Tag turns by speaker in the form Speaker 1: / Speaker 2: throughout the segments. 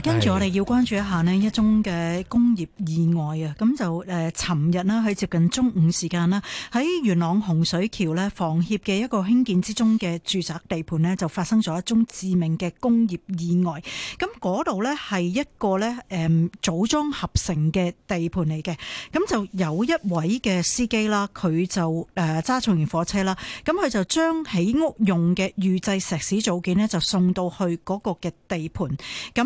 Speaker 1: 跟住我哋要關注一下呢一宗嘅工業意外啊！咁就誒，尋、呃、日啦，去接近中午時間啦，喺元朗洪水橋呢房協嘅一個興建之中嘅住宅地盤呢，就發生咗一宗致命嘅工業意外。咁嗰度呢，係一個呢誒、嗯、組裝合成嘅地盤嚟嘅。咁就有一位嘅司機啦，佢就揸重型貨車啦，咁佢就將起屋用嘅預製石屎組件呢，就送到去嗰個嘅地盤咁。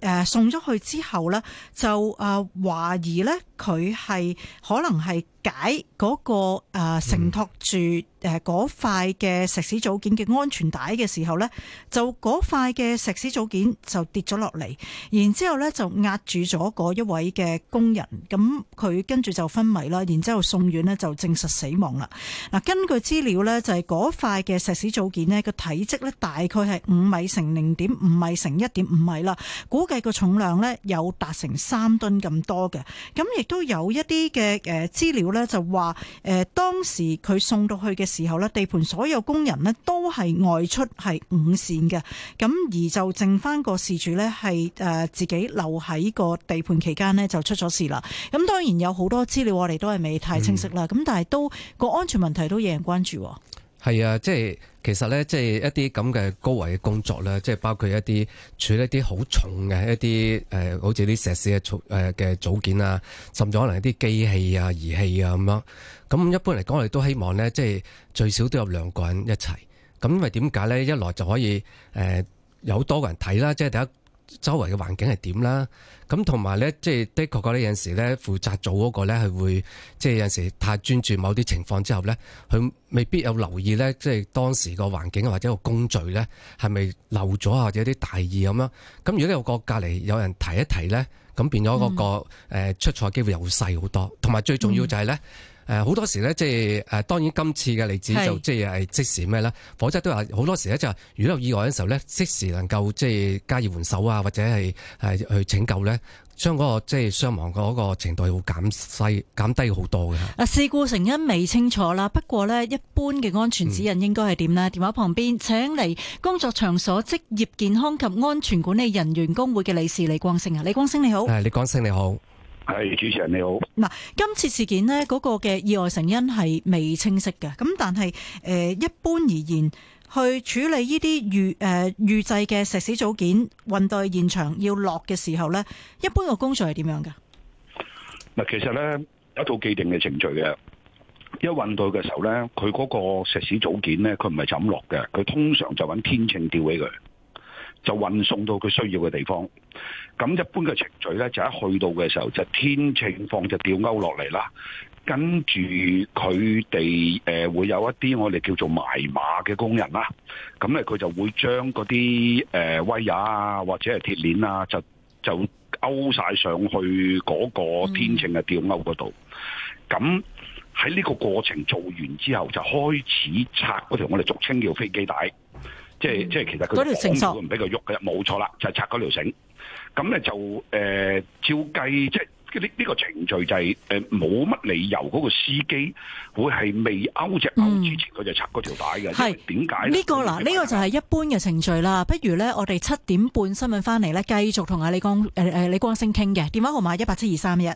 Speaker 1: 而誒送咗去之後咧，就誒懷疑咧。佢係可能係解嗰個誒承托住誒嗰塊嘅石屎組件嘅安全帶嘅時候咧，就嗰塊嘅石屎組件就跌咗落嚟，然之後咧就壓住咗嗰一位嘅工人，咁佢跟住就昏迷啦，然之後送院咧就證實死亡啦。嗱，根據資料咧，就係嗰塊嘅石屎組件咧個體積咧大概係五米乘零點五米乘一點五米啦，估計個重量咧有達成三噸咁多嘅，咁亦。都有一啲嘅誒資料咧，就話誒、呃、當時佢送到去嘅時候咧，地盤所有工人呢都係外出係五線嘅，咁、嗯、而就剩返個事主呢，係誒、呃、自己留喺個地盤期間呢就出咗事啦。咁當然有好多資料我哋都係未太清晰啦，咁、嗯、但係都個安全問題都引人關
Speaker 2: 注，哦。係啊，即係其實咧，即係一啲咁嘅高危嘅工作啦，即係包括一啲處理一啲好重嘅一啲，誒、呃，好似啲石屎嘅誒嘅組件啊，甚至可能一啲機器啊、儀器啊咁樣。咁一般嚟講，我哋都希望咧，即係最少都有兩個人一齊。咁因為點解咧？一來就可以，誒、呃，有多個人睇啦，即係第一。周圍嘅環境係點啦，咁同埋呢，即係的確覺得有陣時咧負責做嗰、嗰個呢係會，即係有陣時太專注某啲情況之後呢，佢未必有留意呢，即係當時個環境或者個工序呢係咪漏咗或者啲大意咁樣。咁如果有個隔籬有人提一提呢，咁變咗嗰個誒出錯機會又會細好多。同、嗯、埋最重要就係呢。誒好多時呢，即係誒，當然今次嘅例子就即係即時咩呢否則，都有好多時呢，就如遇到意外嘅時候呢，即時能夠即係加以援手啊，或者係去拯救呢，將嗰即係傷亡嗰個程度要減低減低好多嘅。
Speaker 1: 啊，事故成因未清楚啦，不過呢，一般嘅安全指引應該係點呢？電話旁邊請嚟工作場所職業健康及安全管理人員工會嘅理事李光昇啊，李光昇你好。
Speaker 2: 李光昇你好。係主
Speaker 3: 持人你好。
Speaker 1: 嗱、啊，今次事件呢嗰、那個嘅意外成因係未清晰嘅。咁但係誒、呃，一般而言，去處理呢啲預誒預製嘅石屎組件運到去現場要落嘅時候呢，一般個工序係點樣嘅？
Speaker 3: 嗱，其實呢，有一套既定嘅程序嘅。一運到嘅時候呢，佢嗰個石屎組件呢，佢唔係就咁落嘅，佢通常就揾天秤吊起佢。就運送到佢需要嘅地方。咁一般嘅程序呢，就一去到嘅時候，就天秤放隻吊鈎落嚟啦。跟住佢哋誒會有一啲我哋叫做埋馬嘅工人啦。咁咧佢就會將嗰啲誒威也啊，或者係鐵鏈啊，就就鈎晒上去嗰個天秤嘅吊鈎嗰度。咁喺呢個過程做完之後，就開始拆嗰條我哋俗稱叫飛機帶。即係即係，其實佢根本會唔俾佢喐嘅，冇錯啦，就係拆嗰條繩。咁咧就誒，照計即係呢呢個程序就係誒，冇乜理由嗰個司機會係未勾隻勾之前，佢就拆嗰條帶嘅。係點解呢？呢個嗱，呢
Speaker 1: 個就係一般嘅程序啦。不如咧，我哋七點半新聞翻嚟咧，繼續同阿李光誒誒李光昇傾嘅。電話號碼一八七二三一。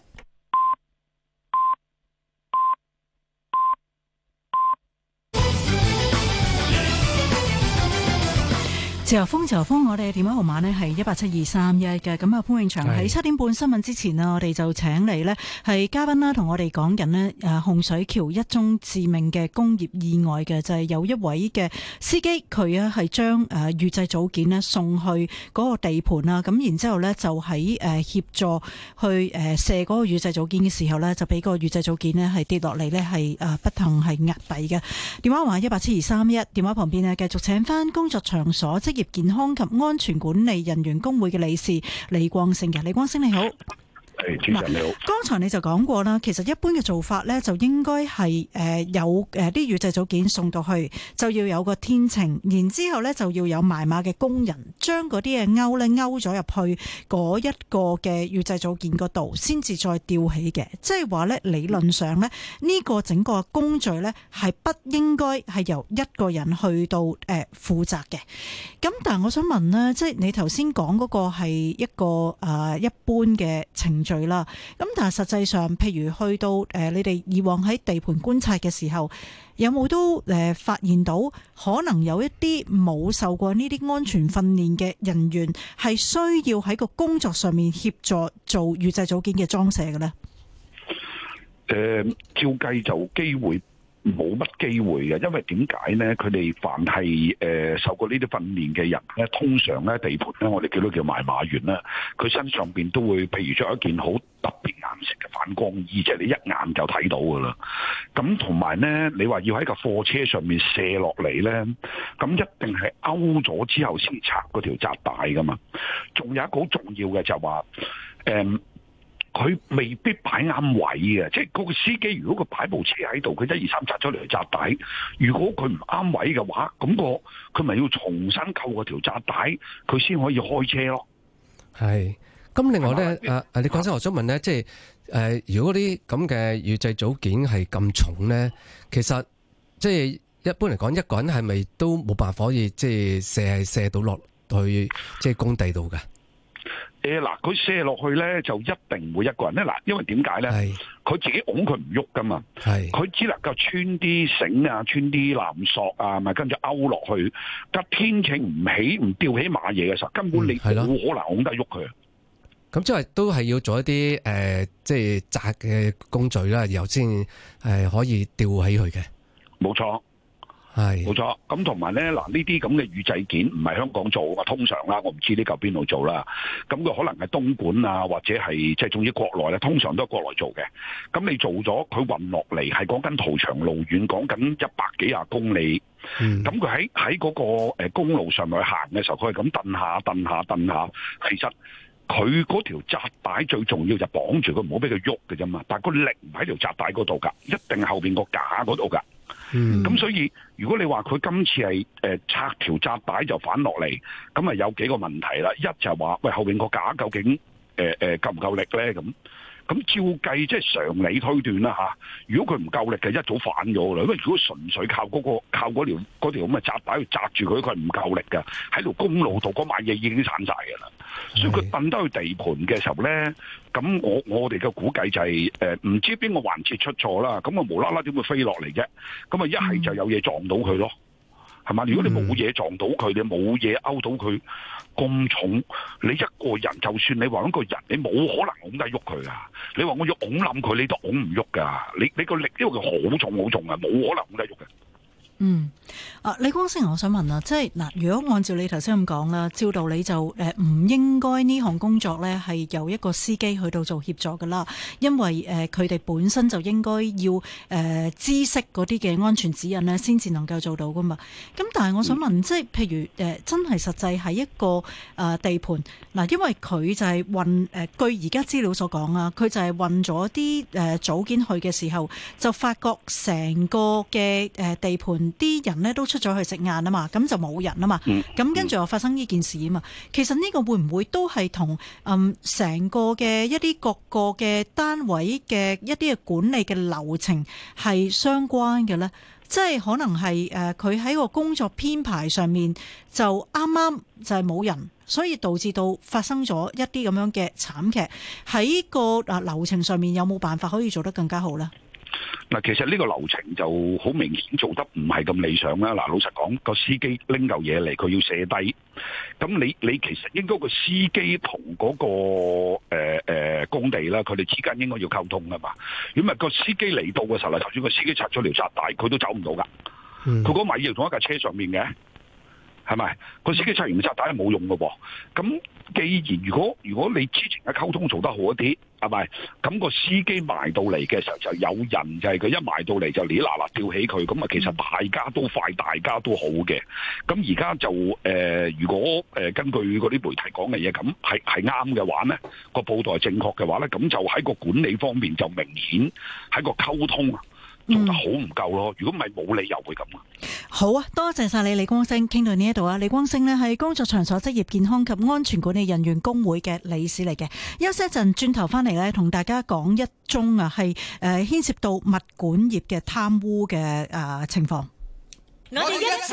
Speaker 1: 自由風，自由風，我哋嘅電話號碼咧係一八七二三一嘅。咁啊，潘永祥喺七點半新聞之前啊，我哋就請嚟咧係嘉賓啦，同我哋講緊咧誒洪水橋一宗致命嘅工業意外嘅，就係有一位嘅司機，佢啊係將誒預製組件咧送去嗰個地盤啦。咁然之後咧就喺誒協助去誒卸嗰個預製組件嘅時候咧，就俾個預製組件咧係跌落嚟咧係誒不幸係壓斃嘅。電話話一八七二三一，電話旁邊咧繼續請翻工作場所即。業健康及安全管理人員工會嘅理事李光昇嘅，李光昇，李光昇你好。剛、嗯、才你就講過啦，其實一般嘅做法呢，就應該係誒有誒啲預製組件送到去，就要有個天秤，然之後呢，就要有埋馬嘅工人將嗰啲嘢勾呢勾咗入去嗰一個嘅預製組件嗰度，先至再吊起嘅。即係話呢，理論上呢，呢、呢個整個工序呢，係不應該係由一個人去到誒負責嘅。咁但係我想問呢，即係你頭先講嗰個係一個誒、啊、一般嘅情。罪啦，咁但係實際上，譬如去到誒、呃，你哋以往喺地盤觀察嘅時候，有冇都誒、呃、發現到可能有一啲冇受過呢啲安全訓練嘅人員，係需要喺個工作上面協助做預製組件嘅裝卸嘅呢？誒、
Speaker 3: 呃，照計就有機會。冇乜機會嘅，因為點解咧？佢哋凡係、呃、受過呢啲訓練嘅人咧，通常咧地盤咧，我哋叫到叫埋馬員啦。佢身上面都會，譬如着一件好特別顏色嘅反光衣，就係、是、你一眼就睇到噶啦。咁同埋咧，你話要喺個貨車上面卸落嚟咧，咁一定係勾咗之後先拆嗰條紮帶噶嘛。仲有一個好重要嘅就話、是嗯佢未必擺啱位嘅，即係嗰個司機。如果佢擺部車喺度，佢一二三紮咗嚟去紮底。如果佢唔啱位嘅話，咁個佢咪要重新扣個條紮帶，佢先可以開車咯。
Speaker 2: 係，咁另外咧，啊啊，你講先，我想問咧，即係誒，如果啲咁嘅預製組件係咁重咧，其實即係一般嚟講，一個人係咪都冇辦法可以即係卸卸到落去即係工地度㗎？
Speaker 3: 嗱、欸，佢卸落去咧就一定會一個人咧，嗱，因為點解咧？佢自己拱佢唔喐噶嘛，係，佢只能夠穿啲繩啊，穿啲纜索啊，咪跟住勾落去。隔天秤唔起，唔吊起馬嘢嘅時候，根本你冇可能拱得喐佢。
Speaker 2: 咁即係都係要做一啲誒、呃，即係紮嘅工序啦，然後先係可以吊起佢嘅。
Speaker 3: 冇錯。係，冇錯。咁同埋咧，嗱呢啲咁嘅預製件唔係香港做，通常啦，我唔知呢嚿邊度做啦。咁佢可能係東莞啊，或者係即係仲要國內啦，通常都係國內做嘅。咁你做咗，佢運落嚟係講緊途長路遠，講緊一百幾廿公里。咁佢喺喺嗰個誒公路上去行嘅時候，佢係咁蹬下蹬下蹬下。其實佢嗰條紮帶最重要就綁住佢，唔好俾佢喐嘅啫嘛。但係個力唔喺條紮帶嗰度噶，一定係後邊個架嗰度噶。咁、嗯、所以如果你話佢今次係誒、呃、拆條紮帶就反落嚟，咁啊有幾個問題啦，一就係話喂後邊個架究竟誒誒夠唔夠力咧？咁。咁照計即係常理推斷啦吓，如果佢唔夠力嘅，一早反咗啦。因為如果純粹靠嗰個，靠嗰條，嗰條咁嘅紮帶去紮住佢，佢唔夠力㗎。喺度公路度嗰晚嘢已經散晒㗎啦，所以佢掟得去地盤嘅時候咧，咁我，我我哋嘅估計就係誒唔知邊個環節出錯啦。咁啊無啦啦點會飛落嚟啫？咁啊一係就有嘢撞到佢咯。係嘛？如果你冇嘢撞到佢，你冇嘢勾到佢咁重，你一個人就算你話一個人，你冇可能拱得喐佢啊！你話我要拱冧佢，你都拱唔喐噶？你你個力好重好重，因為佢好重好重啊，冇可能拱得喐嘅。
Speaker 1: 嗯，啊李光昇，我想問啊，即係嗱，如果按照你頭先咁講啦，照道理就誒唔應該呢項工作咧係由一個司機去到做協助噶啦，因為誒佢哋本身就應該要誒、呃、知識啲嘅安全指引咧，先至能夠做到噶嘛。咁但係我想問，即、嗯、係譬如誒真係實際係一個誒地盤嗱，因為佢就係運誒據而家資料所講啊，佢就係運咗啲誒組件去嘅時候，就發覺成個嘅誒地盤。啲人咧都出咗去食晏啊嘛，咁就冇人啊嘛，咁、嗯嗯、跟住又發生呢件事啊嘛。其實呢個會唔會都係同誒成個嘅一啲各個嘅單位嘅一啲嘅管理嘅流程係相關嘅咧？即係可能係誒，佢、呃、喺個工作編排上面就啱啱就係冇人，所以導致到發生咗一啲咁樣嘅慘劇，喺個啊、呃、流程上面有冇辦法可以做得更加好咧？
Speaker 3: 嗱，其實呢個流程就好明顯做得唔係咁理想啦。嗱，老實講，個司機拎嚿嘢嚟，佢要卸低。咁你你其實應該個司機同嗰個誒誒工地啦，佢哋之間應該要溝通噶嘛。如果唔係個司機嚟到嘅時候啊，頭先個司機拆咗條閘帶，但佢都走唔到噶。佢嗰米要同一架車上面嘅。係咪？個司機拆完個炸彈係冇用噶咁、啊、既然，如果如果你之前嘅溝通做得好一啲，係咪？咁個司機埋到嚟嘅時候就有人，就係、是、佢一埋到嚟就你嗱嗱吊起佢，咁啊，其實大家都快，大家都好嘅。咁而家就誒、呃，如果誒、呃、根據嗰啲媒體講嘅嘢，咁係係啱嘅話咧，個報道係正確嘅話咧，咁就喺個管理方面就明顯喺個溝通啊。做得好唔夠咯，如果唔係冇理由會咁啊！
Speaker 1: 好啊，多謝晒你李光昇，傾到呢一度啊，李光昇呢係工作場所職業健康及安全管理人員工會嘅理事嚟嘅。休息一陣，轉頭翻嚟呢，同大家講一宗啊，係誒牽涉到物管業嘅貪污嘅啊情況。